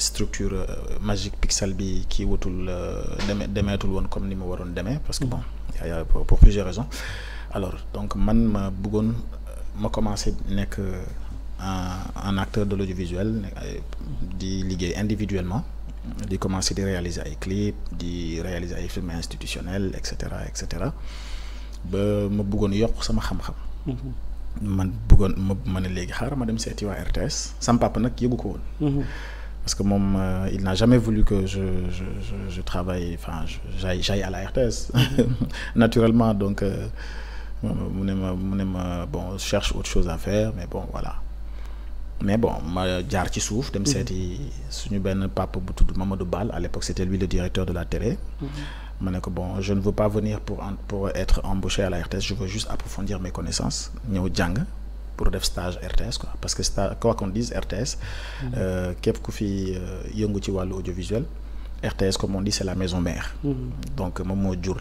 structure euh, magique pixel bi kii wutul euh, demee demeetul woon comme ni ma waroon demee parce que bon mm-hmm. y a pour plusieurs raisons alors donc man ma buggoon euh, ma commencé nekk un acteur de l'audiovisuel di liggéey individuellement di commencé di réaliser ay clip di réaliser ay films institutionnels et cetera et cetera ba ma buggoon yokk sama xam-xam mm-hmm. man buggoon ma mën ne léegi xaar ma dem seeti waa RTS sama papa nag yëgu ko woon mm-hmm. parce que moom euh, il n'a jamais voulu que je travaille enfin j'aille j'aille à la RTS naturellement donc euh, mu ne ma mu ne ma bon cherche autre chose à faire mais bon voilà mais bon ma jaar ci suuf dem mhm. seeti suñu benn papa bu tudd Mamadou Ball à l'époque c'était lui le directeur de la télé mhm. ma ne ko bon je ne veux pas venir pour pour être embauché à la RTS je veux juste approfondir mes connaissances ñëw jàng pour def stage RTS ko parce que stage quoi qu'on dise RTS. Mhm. Euh, képp ku fi euh, yëngu ci wàllu audiovisuel. RTS ko on dit c'est la maison mère. Mm donc moom moo jur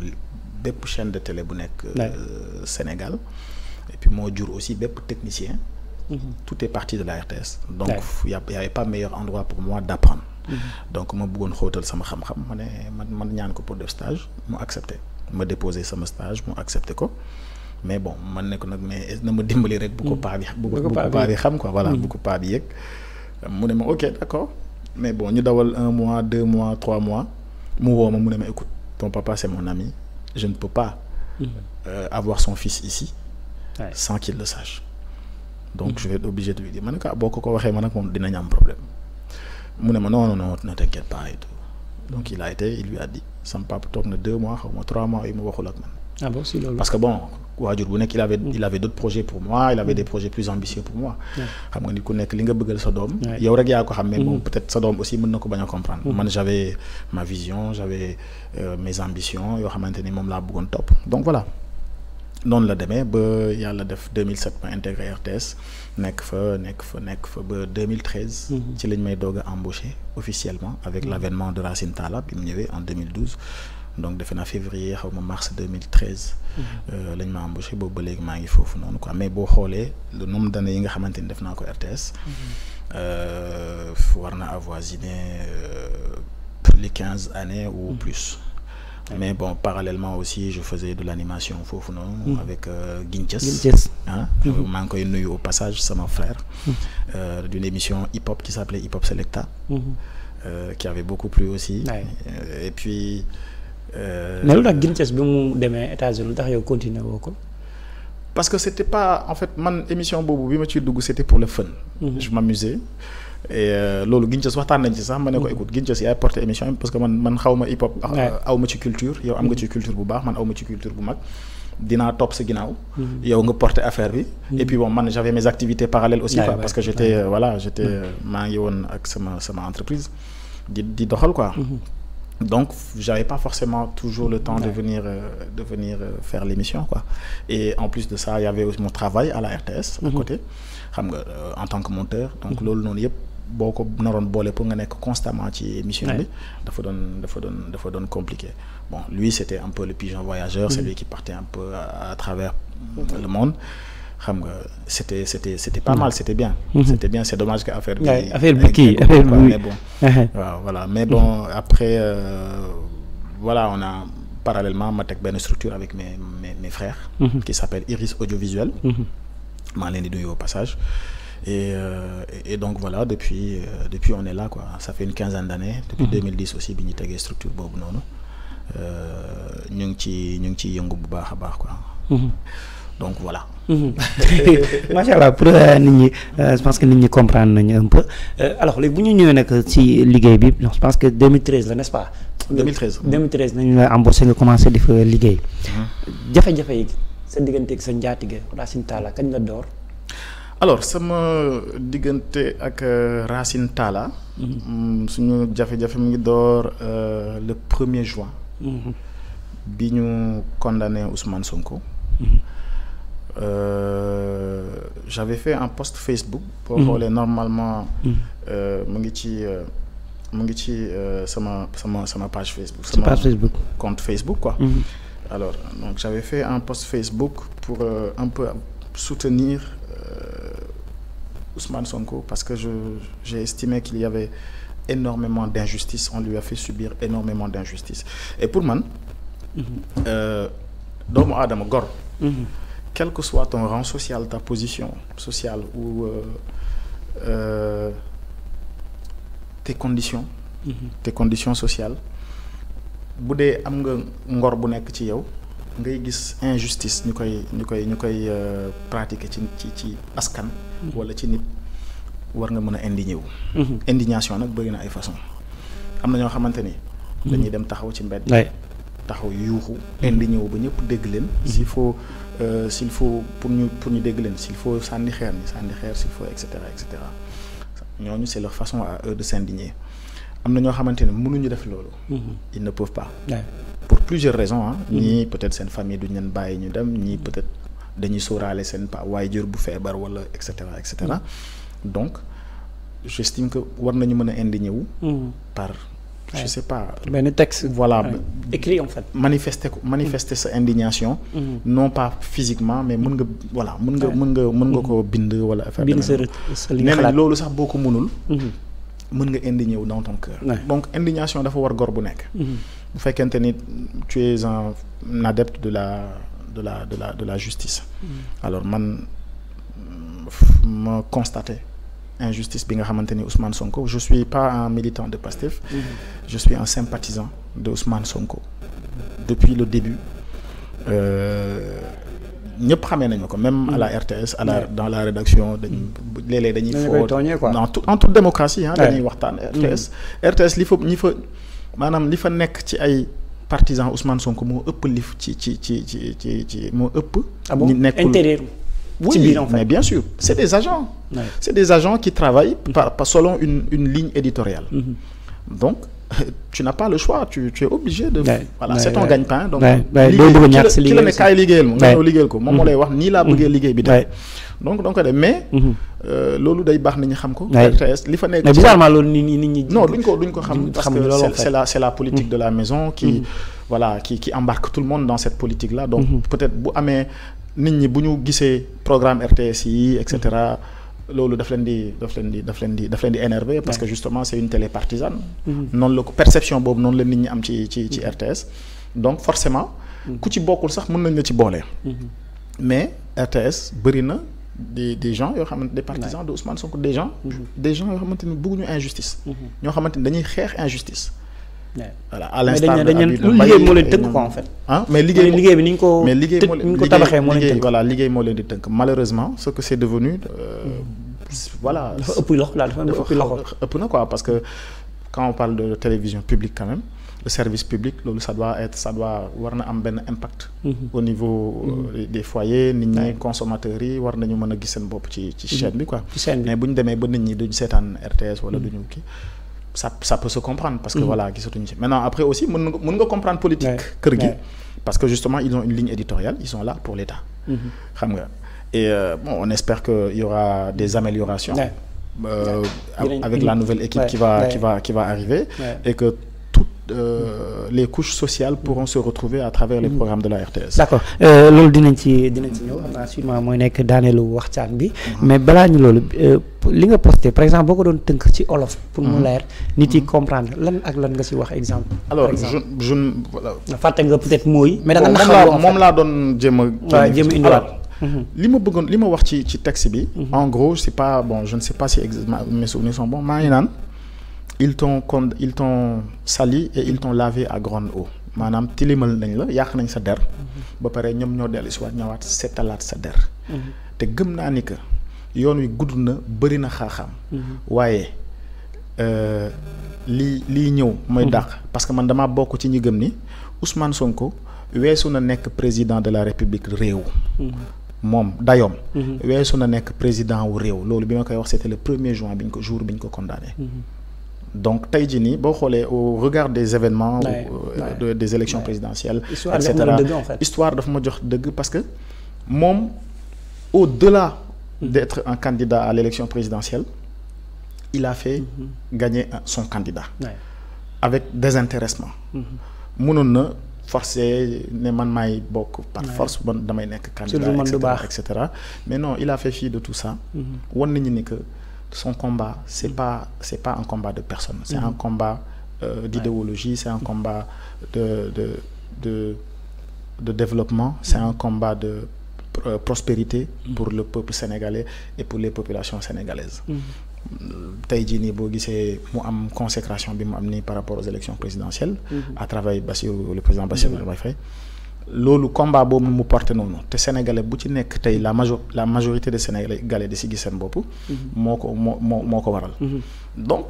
bépp chaine de télé bu nekk. Euh, Sénégal et puis moo jur aussi bépp technicien. Mm -hmm. tout est de la RTS. donc y' yàpp y' avait pas meilleur endroit pour moi d'apprendre mm -hmm. donc ma bëggoon xóotal sama xam-xam ma ne man man ñaan ko pour def stage mu accepté ma déposé sama stage mu accepté ko. mais bon man ne ko nag mais na ma dimbali rek. bu ko mm. paa bi bu ko xam quoi voilà mm. bu ko paa bi yëg. mu ne ma ok d' mais bon ñu dawal un mois deux mois trois mois mu woo ma mu ne ma écoute ton papa c' est mon ami je ne peux pas. Mm. Euh, avoir son fils ici. Ouais. le sache. donc je vais être obligé de lui dire ah, boo ko ko waxee man ak dinañ am problème mu ne ma non non non ne t'inquiète pas et tout donc il a été il toog na deux mois xaw ma trois mois yi mu waxul ak man. ah bon si parce que bon waajur bu nekk il avait il avait pour moi il avait mm. des projets plus ambitieux pour moi xam nga nit ku nekk li nga bëggal sa doom yow rek yaa ko xam mais bon mm. peut-être sa doom aussi mën na ko bañ a comprendre mm. man j'avais ma vision j'avais euh, mes ambitions yoo xamante ni moom laa bëggoon topp donc voilà noonu la demee ba yàlla def deux 2007 ma intégré RTS nekk fa nekk fa nekk fa ba 2013. Mm-hmm. ci lañ may doog a embauché officiellement avec l'avènement de Racine Talla bi mu donc defe naa février xaw ma mars 2013. Mhm. Euh, lañ ma embauché boobu ba léegi maa ngi foofu noonu quoi mais boo xoolee le nombre d'années yi nga xamante ni def naa ko RTS. Mhm. Euh, war na avoisiner euh, les quinze années ou mhm. plus. mais bon parallèlement aussi je faisais de l'animation foofu noonu. avec Guinches. Guinches ah. maa ngi koy nuyu au passage sama frère. d'une émission hip hop qui s'appelait Hip Hop Selecta. qui avait beaucoup plu aussi. et puis. Euh, mais lu tax Guinchess bi mu demee États-Unis lu tax yow continuer woo ko. parce que c'était pas en fait man émission boobu bi ma ciy dugg c'était pour le fun. Mhm. je m'amusais et euh, loolu Guinchess waxtaan nañ ci sax ma ne ko mhm. écoute Guinchess yaay porté émission yi parce que man man xaw ma hip hop. Euh, aw ci culture yow am nga ci mhm. culture bu baax man aw ma ci culture bu mag. dinaa topp sa ginnaaw. yow nga porté affaire bi. et puis bon man j'avais mes activités parallèles aussi. quoi parce que j'étais voilà maa ngi woon ak sama sama entreprise di di doxal quoi. donc j'avais pas forcément toujours le temps ouais. de venir euh, de venir euh, faire l'émission et en plus de ça il y avait aussi mon travail à la RTS à mhm. côté xam nga euh, en tant que monteur donc mhm. loolu noonu yëpp boo ko naroon boole pour nga nekk constamment ci émission bi dafa doon dafa doon dafa doon compliqué bon lui c'était un peu le pigeon voyageur mmh. c'est lui qui partait un peu à, travers mmh. le monde xam nga c'était c'était c'était pas mal c'était bien mhm. c'était bien c'est dommage que affaire bi affaire bi kii affaire bi mais bon waaw voilà mais bon après euh, voilà on a parallèlement ma teg benn structure avec mes mes mes frères mhm. qui s'appelle Iris Audiovisuel mhm. maa leen di nuyu au passage et euh, et donc voilà depuis euh, depuis on est là quoi ça fait une quinzaine d'années depuis 2010 aussi bi ñu tegee structure boobu noonu ñu ngi ci ñu ngi ciy yëngu bu baax a baax quoi donc voilà Mm-hmm. macha allah pour euh, nit ñi euh, je que nit ñi comprendre nañu un peu euh, alors léegi bu ñu ñëwee nekk ci liggéey bi je pense que 2013 la n'est-ce pas. 2013 2013 nañu la embauché commencé di fa liggéey. Mm-hmm. jafe-jafe yi sa diggante ak sa njaatige Racine Talla kañ la door. alors sama diggante ak Racine Talla. Mm-hmm. Mm, suñu jafe-jafe mu ngi door le premier juin. bi ñu condamné Ousmane Sonko. Euh, j'avais fait un post Facebook. boo xoolee mhm. normalement. Mhm. Euh, mu ngi ci euh, mu ngi ci sama sama sama page Facebook. sama page Facebook compte Facebook quoi. Mhm. alors donc j'avais fait un post Facebook pour un peu soutenir Ousmane Sonko parce que je j'ai estimé qu'il y avait énormément d'injustice on lui a fait subir énormément d'injustice et pour man. doomu aadama gor. quelque soit ton rang social ta position sociale ou euh, euh, tes conditions mm -hmm. tes bu dee am nga ngor bu nekk ci yow ngay gis injustice ñu koy ñu koy ñu koy euh, pratique ci ci ci askan mhm. wala ci nit war nga mën a indigné wu mhm. indignation nag bëri na ay façon am na ñoo xamante ni mhm. dañuy dem taxaw ci mbedd taxaw yuuxu indi ñëw ba ñëpp dégg leen s'il faut euh, si faut pour ñu pour ñu dégg leen s'il faut sànni xeer ni sànni xeer si faut et cetera et cetera ñooñu c'est leur façon à eux de s'indigner am na ñoo xamante ne mënuñu def loolu mm-hmm. ils ne peuvent pas ouais. pour plusieurs raisons mm-hmm. ñii peut-être seen famille duñ leen bàyyi ñu dem ñii peut-être dañuy sóoraale seen pa waajur bu feebar wala et cetera et cetera mm. donc j'estime que war nañu mën a indi ñëw mm-hmm. par je sais pas. ni texte voilà écrit fait. manifester ko manifester sa indignation. Mm-hmm. non pas physiquement mais mën nga voilà mun nga mën nga mën nga mm-hmm. ko bind wala affaire bind sa sa li nga loolu sax boo ko mënul. Mm-hmm. mën nga indigné wu dans ton cœur. donc indignation dafa war gor bu nekk. bu fekkente ni tu es un adepte de la de la de la de la justice. alors man ma constaté. injustice bi nga xamante ni Ousmane Sonko je suis pas un militant de Pastef je suis un sympathisant de Ousmane Sonko depuis le début euh, ñëpp xamee nañu ko même à la mm. RTS à la dans la rédaction dañu mm. léeg-léeg dañuy foo en tout en toute démocratie ah dañuy waxtaan mm. RTS li fa ñi fa maanaam li fa nekk ci ay partisan Ousmane Sonko moo ëpp lif ci ci ci ci ci ci moo ëpp. ah bon oui, ci biir en fait. mais bien sûr c'est des selon une une ligne éditoriale mhm. donc tu n'as pas le choix tu tu es de voilà c'est ton gagne-pain donc ki la ne kaay liggéeyal ma nga ñëw liggéeyal ko moom moo mhm. lay wax nii laa bëggee mhm. liggéey bi dem donc donc de c'est la c'est de la maison qui voilà qui qui tout le monde dans cette politique là donc peut-être bu nit ñi bu ñu gisee programme RTS yi et cetera loolu daf leen di daf leen di daf leen di daf leen di énervé parce que justement c'est une télé partisane mm-hmm. noonu la ko perception boobu noonu la nit ñi am ci ci ci mm-hmm. RTS donc forcément mm-hmm. ku ci bokkul sax mën nañ la ci boole mais RTS bëri na des des yoo xamante des partisans de Ousmane Sonko des gens yoo xamante ni bëgguñu injustice ñoo xamante ni dañuy xeex injustice voilà à l'instant mais dañu ne liggéey moo ah, liggéey bi ni ñu ko. mais liggéey moo leen ko tabaxee moo leen tënk voilà liggéey moo leen di tënk malheureusement ce que c'est devenu. Euh, mm-hmm. voilà dafa ëpp loxo daal dafa ëpp loxo. ëpp na quoi parce que quand on parle de télévision publique quand même. service publique loolu sa doit être ça doit war na am benn impact. Mm-hmm. au niveau euh, mm-hmm. des foyers nit ñi consommateurs yi war nañu mën a gis seen bopp ci ci chaîne bi quoi. ci mais bu ñu demee ba nit ñi duñ seetaan RTS wala duñu kii. ça ça peut se comprendre parce que mmh. voilà gisatuñu ci maintenant après aussi mën nga mën nga comprendre politique kër parce que justement ils ont une ligne éditoriale ils sont là pour l'État mm-hmm. xam nga et euh, on espère que y aura des améliorations euh, la nouvelle équipe qui va arriver et que Euh, les couches sociales pourront se retrouver à travers les mm. programmes de la RTS. d'accord euh, loolu dinañ ci dinañ ci ñëw am na sûrement mooy nekk daaneelu waxtaan bi. Mm-hmm. mais balaa ñu loolu euh, li nga posté par exemple boo ko doon tënk ci olof. pour mu mm-hmm. nit yi mm-hmm. comprendre lan ak lan nga ci wax exemple. alors je je voilà. nga peut mooy. mais da nga naxaloo moom laa doon jéem a. waaw a indiwaat li ma bëggoon li ma wax ci ci texte bi. en gros c'est pas bon je ne sais pas si exactement mes souvenirs sont ils t'ont con ils t'ont sali et ils t'ont lavé à grande eau maanaam tilimal nañ la yàq nañ sa der. Mhm. ba pare ñoom ñoo dellu si waat ñëwaat sa der. Mhm. te gëm naa ni que yoon wi gudd na bëri na xaaxaam. Mhm. waaye euh, lii lii ñëw. mooy dàq parce que man dama bokk ci ñi gëm ni Ousmane Sonko weesu na nekk président de la république réew. moom dayoom. weesu na nekk président wu réew loolu bi ma koy wax c'était le premier juin bi ñu ko jour bi ñu ko condamné. donc tey jii nii boo xoolee au regard des événements. Ouais, ou, ouais, euh, des élections ouais. présidentielles. histoire histoire dafa ma jox dëgg parce que moom au-delà. Mm-hmm. d'être un candidat à l'élection présidentielle. il a fait mm -hmm. gagner son candidat. avec désintéressement. Mm-hmm. mënoon na force ne man maay bokk. par force man damay nekk. candidat et cetera et cetera mais no il a fait fi de tout ça. Mm-hmm. wan nañu ni que. son combat c'est pas pas un combat de personne c'est un mm-hmm. combat euh, d'idéologie c'est un combat de développement c'est mm-hmm. un combat de euh, prospérité mm-hmm. pour le peuple sénégalais et pour les populations sénégalaises euh, tey jii nii boo gisee mu am consécration bi mu am nii par rapport aux élections présidentielles à travers Bassirou le président Bassirou Diomaye Faye loolu combat boobu mu porté noonu te sénégalais bu ci nekk tey la majo la majorité des sénégalais di si gis seen bopp. Mm-hmm. moo ko moo moo moo ko waral. Mm-hmm. donc.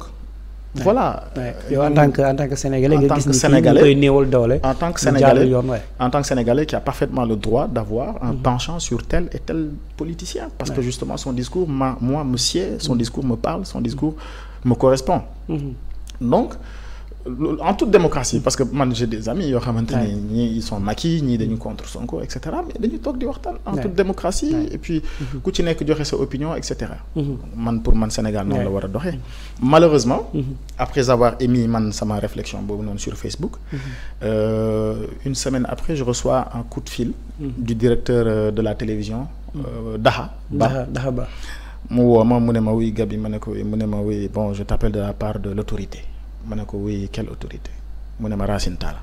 voilà yow en tant que en tant que sénégalais nga gis ni en tant que sénégalais en tant sénégalais qui a parfaitement le droit d'avoir un mm-hmm. penchant sur tel et tel politicien. parce que justement son discours ma moi me sied son discours me parle son discours me correspond. en toute démocratie parce que man j'ai des amis yoo xamante nii ñii ils sont maquis ñii dañu contre Sonko et cetera mais dañu toog di waxtaan en toute démocratie et mm-hmm. ku ci nekk joxe sa opinion et cetera mm-hmm. man pour man Sénégal noonu la war a doxe mm-hmm. malheureusement après avoir émis man sama réflexion boobu noonu sur Facebook euh, une semaine après je reçois un coup de fil du directeur euh, de la télévision euh, Daha Ba Daha Ba mu woo mu ne ma wuy Gabi ma ne ko mu ne ma wuy bon je t'appelle de la part de l'autorité ma ne ko oui quelle autorité mu ne ma Racine Talla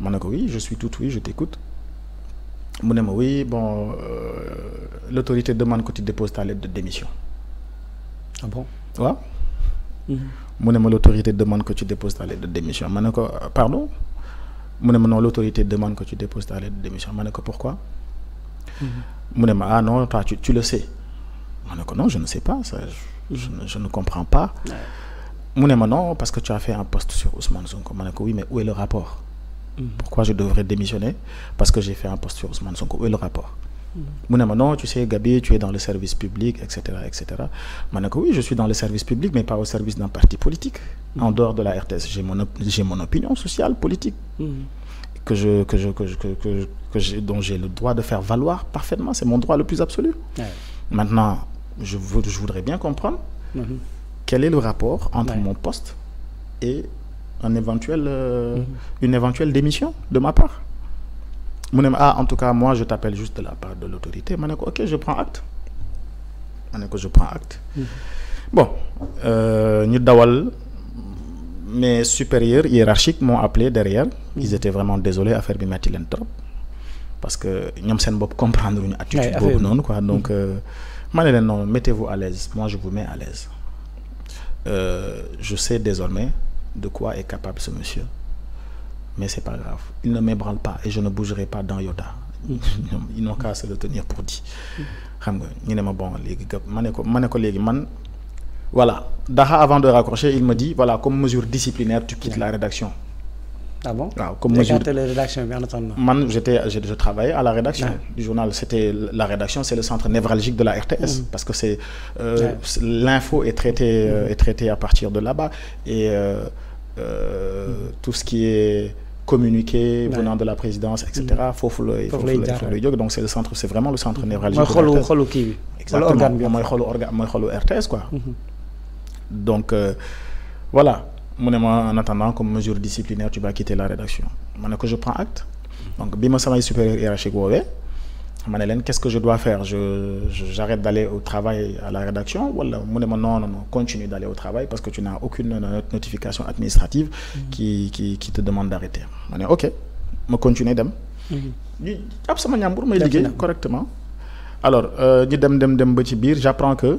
ma ne ko oui je suis tout oui je t'écoute mu ne ma wi bon euh, l'autorité demande que tu déposes ta de démission. ah bon waaw. Mhm. mu ne ma l'autorité demande que tu déposes ta lettre de démission ma ne ko euh, pardon mu ne ma non l'autorité demande que tu déposes ta lettre de démission ma ne ko pourquoi. Mhm. mu ne ma ah non toi tu le sais. ma ne ko non je ne sais pa ça je, ne comprends pas. mu ne ma non parce que tu as fait un post sur Ousmane Sonko ma ne ko oui mais où est le rapport. Mm. pourquoi je devrais démissionner parce que j'ai fait un post sur Ousmane Sonko où est le rapport. Mm. mu ne ma non tu sais Gabi tu es dans le service public et cetera et cetera ma ne ko oui je suis dans le service public mais pas au service d'un parti politique. Mm. en dehors de la RTS j'ai mon j'ai mon opinion sociale politique. que je que je que je que que j'ai dont j'ai le droit de faire valoir parfaitement c'est mon droit le plus absolu. maintenant je je voudrais bien comprendre. Mm-hmm. quel est le rapport entre ouais. mon poste et un éventuel, euh, mm -hmm. une éventuelle démission de ma part mu ne ma ah en tout cas moi je t'appelle juste de la part de l'autorité ma ne ko ok je prends acte ne ko je prends acte mm -hmm. bon euh, ñu euh, dawal mes supérieurs hiérarchiques m'ont appelé derrière mhm. ils étaient vraiment désolés affaire bi metti leen trop parce que ñoom seen bopp comprendre ñu attitude boobu noonu quoi donc mhm. euh, ma ne leen non mettez-vous à l'aise moi je vous mets à l'aise euh, je sais désormais de quoi est capable ce monsieur mais c'est pas grave il ne m'ébranle pas et je ne bougerai pas dans Yota ñoom ils n'ont qu'à se le tenir pour dit xam nga ñu ne ma bon léegi gëpp ma ne ko ma ne ko léegi man voilà Daha avant de raccrocher il me dit voilà comme mesure disciplinaire tu quittes la rédaction ah bon waaw comme mesure rédaction bi en attendant man je, je à la rédaction ah. du journal c'était la rédaction c'est le centre névralgique de la RTS mmh. parce que c'est euh, l'info euh, est traitée à partir de là-bas et euh, euh, tout ce qui est communiqué venant de la présidence et mm. foofu lay foofu lay jóg donc c'est vraiment le centre mm-hmm. névralgique mooy xoolu xoolu exactement mm-hmm. donc voilà mu ma en attendant comme mesure disciplinaire tu vas quitter la rédaction ma ne ko je prends acte donc bi ma samay supérieur hiérarchique woowee ma ne leen qu'est-ce que je dois faire je j'arrête d'aller au travail à la rédaction wala mu ma non non continue d'aller au travail parce que tu n'as aucune notification administrative mm-hmm. qui qui qui te demande d'arrêter ma ok ma continuer dem ñu mm-hmm. ab sama may liggéey correctement alors euh, ñu dem dem dem ba ci biir j'apprends que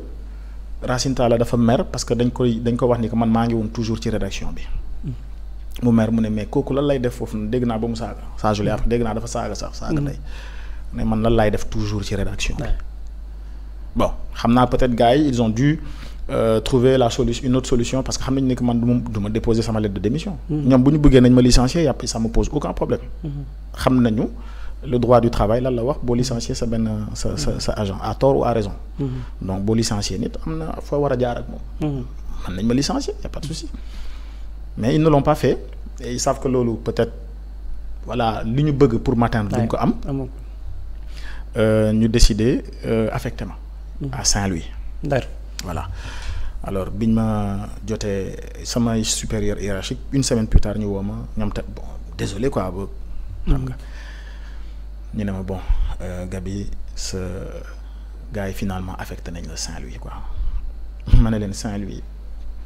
Racine Talla dafa mer parce que dañ koy dañ ko wax ni que man maa ngi woon toujours ci rédaction bi mu mer mu ne mais kooku lan lay def foofu noonu dégg naa ba mu saaga saajuli après dégg naa dafa saaga sax saaga mm-hmm. tey ne man lan laay def toujours ci rédaction bi bon xam naa peut-être gars yi ils ont dû euh, trouver la solution une autre solution parce que xam nañ ne que man du ma du sama lettre de démission mm-hmm. ñoom bu ñu bëggee nañ ma licencier yàpp ça me pose aucun le droit du travail lan la wax boo licencier sa benn sa sa mm-hmm. agent à tort ou à raison. Mm-hmm. donc boo licencier nit am na foo war a jaar ak moom. Mm-hmm. mën nañ ma licencier y pas de souci mais ils ne l'ont pas fait et ils que loolu peut-être voilà li ñu bëgg pour m'atteindre duñ ko am. Euh, ñu décider euh, affecté ma. à Saint-Louis. d'accord voilà alors biñ ma jotee samay supérieur hiérarchique une semaine plus tard ñu woo ma ñoom te bon désolé quoi xam nga. ñu ne ma bon euh, Gabi sa gars finalement affecté nañ la Saint-Louis quoi ma ne leen Saint-Louis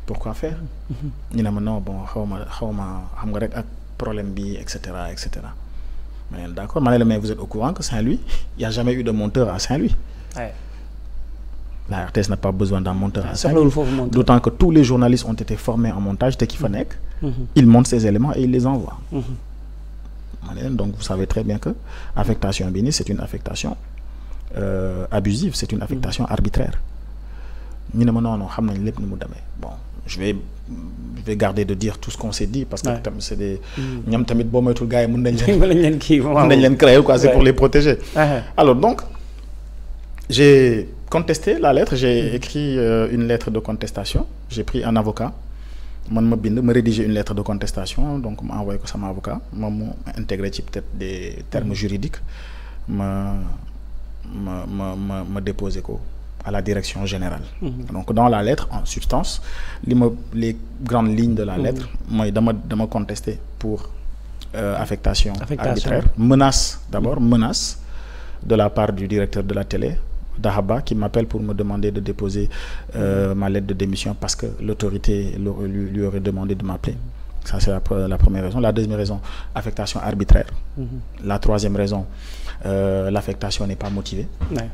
pourquoi faire ñu ne ma non bon xaw ma xaw ma xam nga rek ak problème bi et cetera et cetera ma ne d'accord ma ne leen mais vous êtes au courant que Saint-Louis il y a jamais eu de monteur à Saint-Louis. la RTS n'a pas besoin d'un monteur à Saint-Louis d'autant que tous les journalistes ont été formés en montage te ki fa nekk. Mm-hmm. il monte ces éléments et il les envoie. Mm-hmm. ma ne leen donc vous savez très bien que affectation bi nii c'est une affectation euh, abusive c'est une affectation arbitraire ñu ne ma noonu xam nañ lépp ni mu demee bon je vais je vais garder de dire tout ce qu'on s'est dit parce que tam c'est des mm. ñoom tamit boo moytul gars yi mën nañ leen mën leen kii mën nañ leen créer quoi c'est pour les protéger ah, ah. alors donc j'ai contesté la lettre j'ai mm. écrit euh, une lettre de contestation j'ai pris un avocat man ma bind ma rédiger une lettre de contestation donc ma envoyé ko sama avocat moom mu intégré ci peut-être des termes mm-hmm. juridiques ma ma ma ma ma déposé ko à la direction générale. Mm-hmm. donc dans la lettre en substance li ma les grandes lignes de la lettre. Mm-hmm. mooy dama dama contester pour euh, affectation. affectation arbitraire menace d'abord menace de la part du directeur de la télé. Dahaba qui m'appelle pour me demander de déposer euh, ma lettre de démission parce que l'autorité lui, lui, aurait demandé de m'appeler. Ça, c'est la, la, première raison. La deuxième raison, affectation arbitraire. Mm-hmm. La troisième raison, euh, l'affectation n'est pas motivée. Ouais.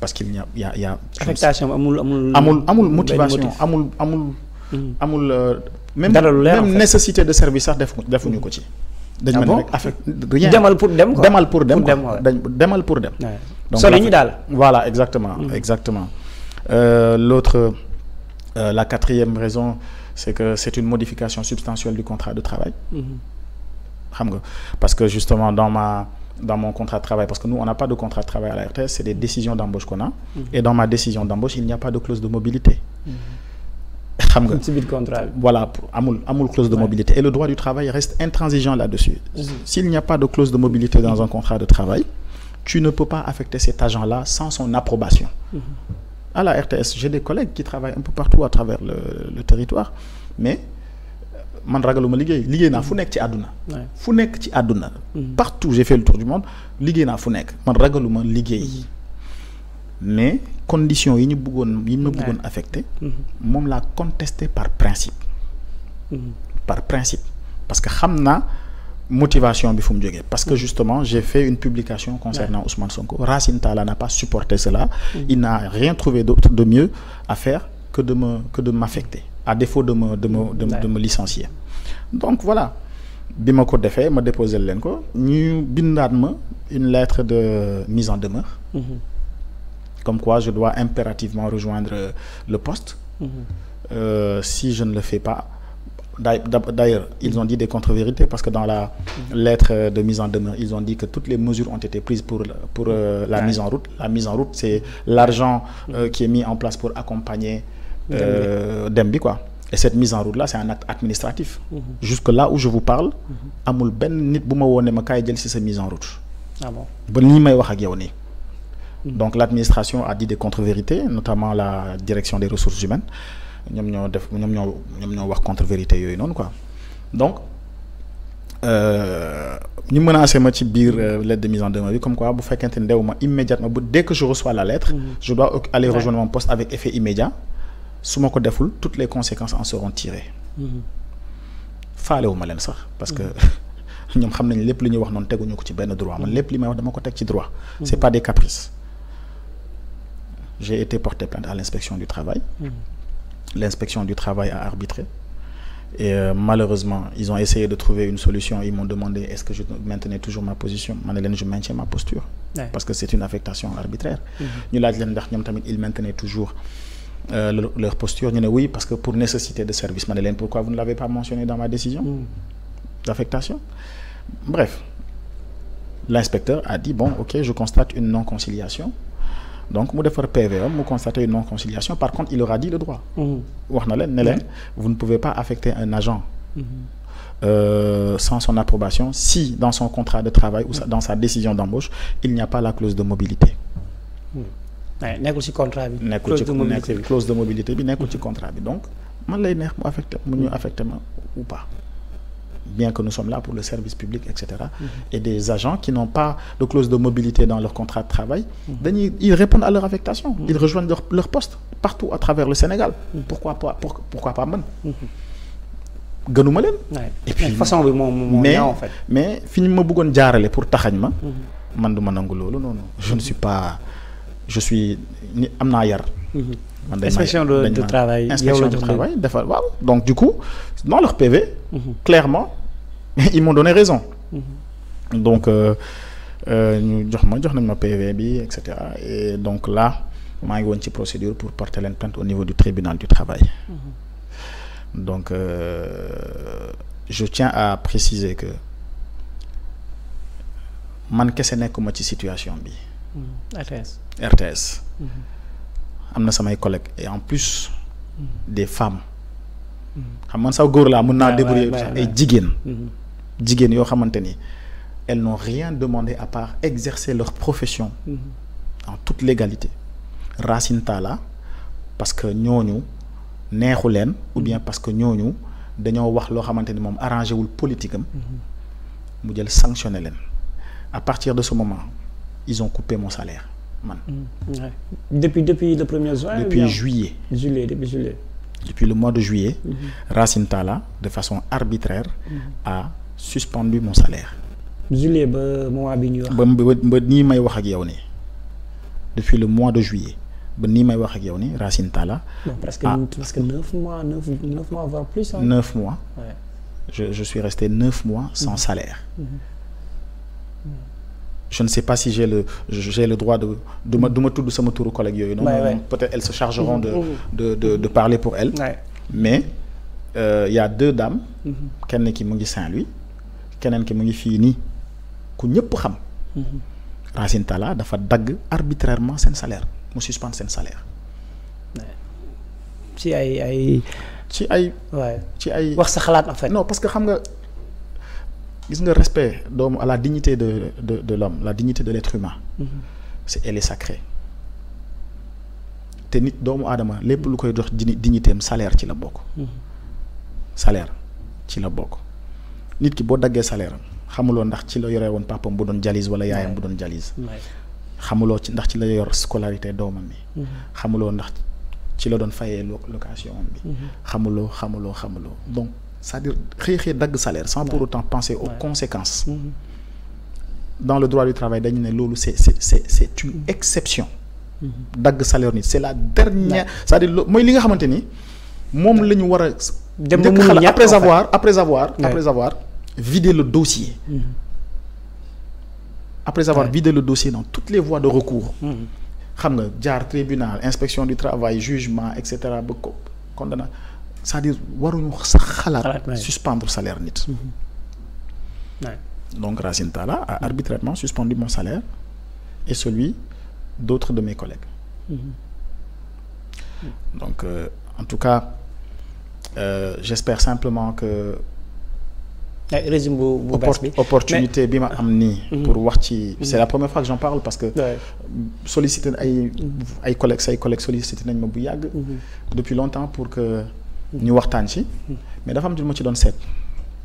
Parce qu'il y a, y a, y a affectation, amul, amul, amul, amul motivation, amul, amul, mm-hmm. amul, euh, même, même nécessité de service, ça, defuñu ko ci. Ah dañ mën rek affect rien demal pour dem quoi demal pour dem. pour dem. donc soriñu daal voilà exactement. Mm. exactement euh, l'autre euh, la quatrième raison c'est que c'est une modification substantielle du contrat de travail. Mm-hmm. parce que justement dans ma dans mon contrat de travail parce que nous n'a pas de contrat de travail à la RTS c'est des décisions d'embauche qu'on a. Mm-hmm. et dans ma décision d'embauche il n'y a pas de clause de mobilité. Mm-hmm. voilà amul amul clause de mobilité et le droit du travail reste intransigeant là-dessus. s'il n'y a pas de clause de mobilité tu ne peux pas affecter cet agent-là sans son approbation. Mm-hmm. À la RTS, j'ai des collègues qui travaillent un peu partout à travers le, le territoire, mais euh, man ragalu ma liggéey liggéey mm-hmm. na fu nekk ci àdduna. fu nekk ci àdduna. partout j'ai fait le tour du monde liggéey naa fu nekk man ma liggéey. Mm-hmm. mais conditions yi ñu bëggoon yi ma bëggoon affecté. moom la contesté par principe. par principe parce que xam naa. motivation bi fu mu jógee parce que mm. justement j'ai fait une publication concernant ouais. Ousmane Sonko Racine Talla n'a pas supporté cela mm. il n'a rien trouvé d'autre de mieux à faire que de me m'affecter à défaut de me licencier donc voilà bi ma ko defee ma déposé leen ko ñu bindaat ma une lettre de mise en demeure mm comme quoi je dois impérativement rejoindre le poste mm si je ne le fais pas D'ailleurs, ils ont dit des contre parce que dans la mhm. lettre de mise en demeure, ils ont dit que toutes les mesures ont été prises pour, pour euh, la ouais. mise en route. La mise en route, c'est l'argent mhm. euh, qui est mis en place pour accompagner euh, Dembi. quoi. Et cette mise en route-là, c'est un acte administratif. Mm -hmm. Jusque-là où je vous parle, mhm. amul ben nit bouma wone ma kay jël si sa mise en route. Ah bon. Ba ni may wax ak yow ni. Donc l'administration a dit des contre-vérités, la direction des ressources humaines. ñoom ñoo def ñoom ñoo ñoom ñoo wax contre vérité yooyu noonu ko donc euh, ñu menacé ma ci biir euh, lettre de mise en demeure comme quoi bu fekkente ne dew ma immédiatement bu dès que je reçois la lettre. Mm-hmm. je dois aller rejoindre mon poste avec effet immédiat su ma ko deful toutes les conséquences en seront tirées. Mm-hmm. faalewu leen sax parce que. Mm-hmm. ñoom xam nañ lépp li ñuy wax noonu teguñu ko ci benn droit ma lépp li may wax dama ko teg ci droit c'est pas des caprices j'ai été porté plainte à l'inspection l'inspection du travail a arbitré. Et euh, malheureusement, ils ont essayé de trouver une solution. Ils m'ont demandé est-ce que je maintenais toujours ma position. Manélène, je maintiens ma posture. Parce que c'est une affectation arbitraire. Nous, mm-hmm. là, ils maintenaient toujours euh, leur posture. parce que pour nécessité de service. Manélène, pourquoi vous ne l'avez pas mentionné dans ma décision mm. d'affectation Bref, l'inspecteur a dit je donc mu defar PV am mu constater une non conciliation par contre il aura dit le droit. Mmh. wax na leen ne leen vous ne pouvez pas affecter un agent. Mmh. Euh, sans son approbation si dans son contrat de travail ou mmh. dans sa décision d'embauche il n'y a pas la clause de mobilité. nekkul ci contrat bi. nekkul ci clause de mobilité bi nekkul ci contrat bi donc man lay neex mu affecté mu ñu affecté ma ou pas. bien que nous sommes là pour le service public, etc. Mmh. Et des agents qui n'ont pas de clause de mobilité dans leur contrat de travail, mmh. ils, ils, répondent à leur affectation. Mmh. Ils rejoignent leur, poste partout à travers le Sénégal. Mm-hmm. Pourquoi pas, pourquoi pas man mm-hmm. gënuma leen. et puis bi moom moo mais en fait. mais fi ñu ma bëggoon jaarale pour taxañ ma. Mm-hmm. man du ma nangu loolu non non. je ne suis pas je suis ni am naa yar. man inspection de travail inspection de travail defal waaw donc du coup dans leur PV. clairement. ils m'ont donné raison. Mm-hmm. donc euh, euh, ñu jox ma jox nañ ma PV bi et cetera et donc là maa ngi woon ci procédure pour porter leen plainte au niveau du tribunal du travail. Mm-hmm. donc euh, je tiens à préciser que man kese nekkuma ci situation bi. Mm-hmm. RTS. am na samay collègues et en plus. des femmes. xam man sax góor laa mën naa débrouiller ay jigéen. jigéen yoo xamante ni elles n'ont rien demandé à part exercer leur profession mm-hmm. en toute légalité Racine Talla parce que ñooñu neexu leen ou bien parce que ñooñu dañoo wax loo xamante ni moom arrangé wul politique am mm-hmm. mu jël sanctionné leen à partir de ce moment ils ont coupé mon salaire man. Mm-hmm. Ouais. depuis depuis le premier juin. depuis juillet depuis le mois de juillet. Mm -hmm. Racine Talla de façon arbitraire. suspendu mon salaire. juillet ba mois bi ñuy wax. ba ba nii may wax ak yow nii depuis le mois de juillet ba nii may wax ak yow ni Racine Talla. non presque ah, presque neuf mois neuf neuf mois voire mois. Ouais. je je suis resté neuf mois sans mmh. je ne sais pas si j'ai le j'ai le droit de du ma du ma tudd sama turu collègue yooyu. noonu ouais. peut-être elles se chargeront mm-hmm. de de de parler pour elles. mais euh, il euh, y deux dames. kenn ki mu ngi Saint-Louis. keneen ki mu ngi fii nii ku ñëpp xam. Mhm. Racine Talla dafa dagg arbitrairement seen salaire mu suspendre seen salaire. ci ay ay. ci ay. ci ay wax sa xalaat en fait. non parce que xam nga gis nga respect doomu à la dignité de de de l'homme la dignité de l'être mhm. c'est elle est te nit doomu aadama lépp lu koy jox dignité salaire ci la bokk. Mhm. salaire ci la bokk. nit ki boo daggee salaire am xamuloo ndax ci la yore woon papam bu doon jalise wala yaayam bu doon jalise xamuloo ci ndax ci la yor scolarité doomam bi mhm. xamuloo ndax ci la doon fayee location bi mhm. xamuloo xamuloo xamuloo donc c'est-à-dire xëy xëy dagg salaire sans pour autant penser aux conséquences mhm. dans le droit du travail dañu ne loolu c'est c'est c'est une exception dagg salaire nit c'est la dernière cest dire mooy li nga xamante ni moom la ñu war a njëkk xalaat après avoir après avoir après avoir vider le dossier. Mhm. après avoir ouais. vidé le dossier dans toutes les voies de recours. Mhm. xam nga jaar tribunal inspection du travail jugement et cetera ba ko condamné c'est-à-dire waruñu sax xalaat. suspendre salaire nit. Mhm. donc Racine Talla a arbitrairement suspendu mon salaire et celui d'autres de mes collègues. donc euh, en tout cas euh, j'espère simplement que. ay eh, régime bu bi opportunité bi ma am nii. Mhm. pour wax ci c'est mhm. la première fois que j'en parle parce que. sollicité ay ay collègues say collègues sollicité nañ ma bu yàgg. Mhm. depuis longtemps pour que ñu waxtaan ci. mais dafa am lu ma ci doon seet.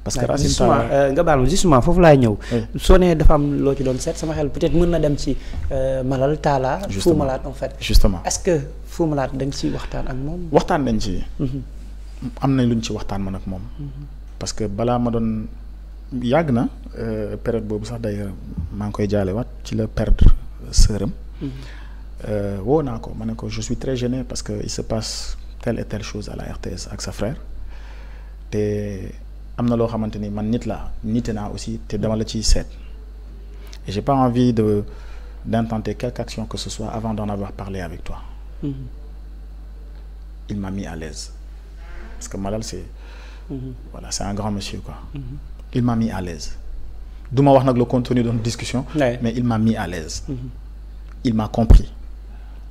parce que Racine Talla euh, nga baal ma justement foofu laay ñëw. soo nee am loo ci doon seet sama xel peut-être mën na dem ci euh, Malal Talla. Fou Malade en fait. justement est-ce que Fou dañ ci waxtaan ak moom. waxtaan nañ ci. am nañ luñ ci waxtaan man ak moom. parce que balaa ma doon yàgg na euh, période boobu sax d'ailleurs maa ngi koy jaalewaat ci la perdre euh, sëram mm-hmm. euh, woo naa ko ma ne ko je suis très gêné parce que il se passe telle et telle chose à la RTS ak sa frère te am na loo xamante ni man nit laa nite naa aussi te dama la ciy seet et j'ai pas envie de d'intenter quelque action que ce soit avant d'en avoir parlé avec toi. Mm-hmm. il m'a mis à l'aise parce que Malal c'est voilà c'est un grand monsieur quoi. il m'a mis à l'aise du ma wax nag le contenu de notre discussion. Ouais. mais il m'a mis à l'aise mhm. il m'a compris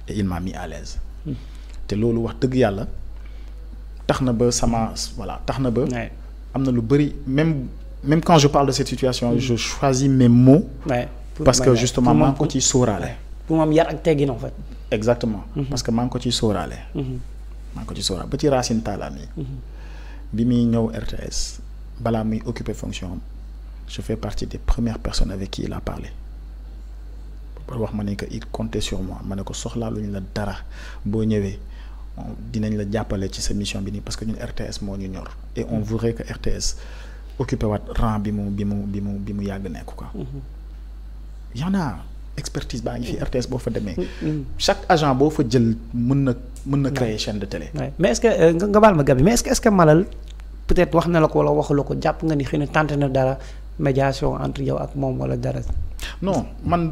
et il m'a mis à l'aise mhm. te loolu wax dëgg yàlla tax na ba sama voilà tax na ba. am na lu bëri même même quand je parle de cette situation. Mhm. je choisis mes mots. parce que justement maa ngi ko ciy sóoraale. pour mu yar ak teggin en exactement. parce que maa ko ciy sóoraale. maa ko ciy sóoraale ba ci Racine Talla nii. bi muy ñëw RTS balaa muy occuper fonction su je fais partie des premières personnes avec qui il a parlé wax ma ne que il comptait sur moi ma ne ko soxlaa lu ñu la dara boo ñëwee dinañ la jàppale ci sa mission bi nii parce que ñun RTS moo ñu ñor et on voudrait que RTS occupé waat rang bi mu bi mu bi mu bi mu yàgg nekk quoi. Mm-hmm. y en expertise baa ngi fi mm. RTS boo fa demee. Mm, mm. chaque agent boo fa jël mën na mën na créer chaîne de télé. mais est euh, nga baal ma Gaby mais est-ce Malal peut-être wax na la ko wala waxula ko jàpp nga ni xëy na tenté na dara médiation entre yow ak moom wala dara. non man.